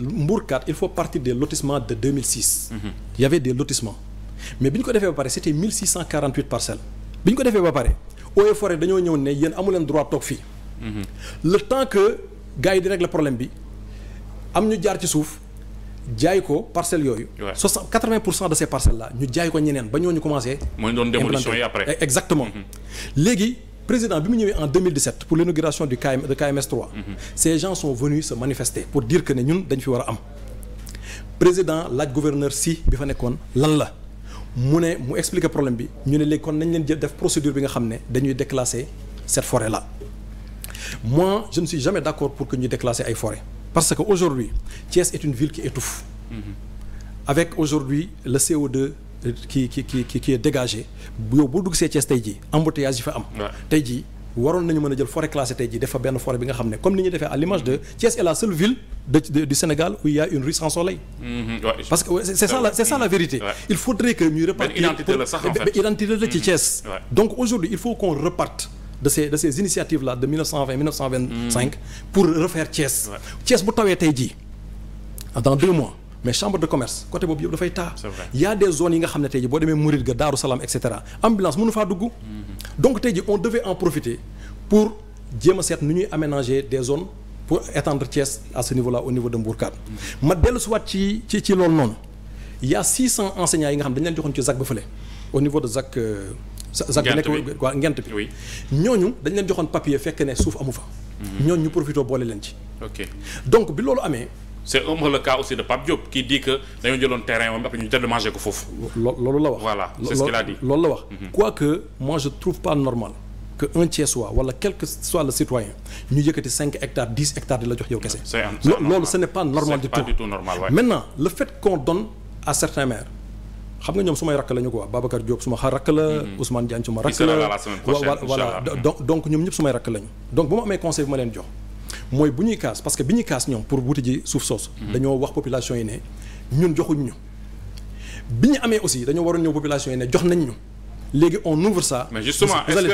Mbour 4 il faut partir des lotissements de 2006. Mmh. il mais bi ñu ko defee ba pare c'était 1648 bi ñu ko defee ba pare Eaux et Forêts dañoo ñëw ne yéen amu droit toog fii. le temps que gars yi di régler problème bi am ñu jaar ci suuf jaay ko parcelles yooyu. waaw soixante quatre-vingts pour cent de ces parcelles là ñu jaay ko ñeneen ba ñooñu commencé. mooy doon démolition yi après exactement. Mm-hmm. léegi. président bi mu ñëwee en 2017 pour l'inauguration du KM de KMS ces gens sont venus se manifester pour dire que ne ñun dañ fi war a am. président laaj gouverneur si bi fa nekkoon lan la mu ne mu explique problème bi ñu ne léegi kon nañ leen jël def procédure bi nga xam ne dañuy déclasser cette forêt là. moi je ne suis jamais d'accord pour que ñu déclasser ay forêts parce que aujourd'hui Thiès est une ville qui étouffe. Mmh. avec aujourd'hui le co qui qui qui qui est dégagé yow boo dugg see Thiès tey jii embouteillage yi fa am. tey jii waroon nañu mën a jël forêt classée tey jii def benn forêt bi nga xam ne comme ni ñuy defee à l'image de Thiès est la seule ville de du Sénégal où il y a une rue sans soleil. Mm-hmm, parce que c'est ça la c'est ça la mm-hmm. vérité. il faudrait que ñuy identité la ci mm-hmm. Thiès. donc aujourd'hui il faut qu'on reparte. de ces initiatives là de pour refaire Thiès. Thiès bu tawee tey jii dans deux mois. mais chambre de commerce côté boobu yëpp dafay taa y a des yi nga xam ne tey ji boo demee Mouride ga Daaru Salaam et mënu faa dugg mhm. donc tey ji on devait en profiter pour jéem a seet nu ñuy aménager des zone pour étendre Thiès à ce niveau là au niveau de Mbourkat mhm. ma dellu siwaat ci ci ci loolu noonu yaa a 600 enseignants yi nga xam dañ leen joxoon ci ZAC ba au niveau de ZAC euh, ZAC bi nekk waa ngent bi ñooñu dañ leen joxoon papier fekk ne suuf amu fa mhm. ñooñu ñu profité boole leen ci donc bi loolu amee c'est un peu le cas aussi de Pape Diop qui dit que dañoo loolu la wax voilà c'est ce mhm. trouve pas normal. que un Thiessois wala quel que soit le citoyen ñu yëkkati cinq hectares dix hectares di la jox yow kese. loolu ce n'est pas normal du tout, pas du tout normal, ouais. maintenant le fait qu'on donne à certains maires xam nga ñoom sumay rakk la ñu quoi Babacar Diop suma rakk la mhm. Ousmane Diagne suma rakk la donc ñoom ñëpp sumay rakk lañu donc bu ma amee conseil bu ma leen jox mooy bu ñuy kaas parce que bi ñuy kaas ñoom pour wuti ji suuf soosu. Mhm. dañoo wax population yi ne ñun joxuñ ñu. bi ñu amee aussi dañoo waroon ñëw population yi ne jox nañ ñu léegi on ouvre ça. mais justement est-ce que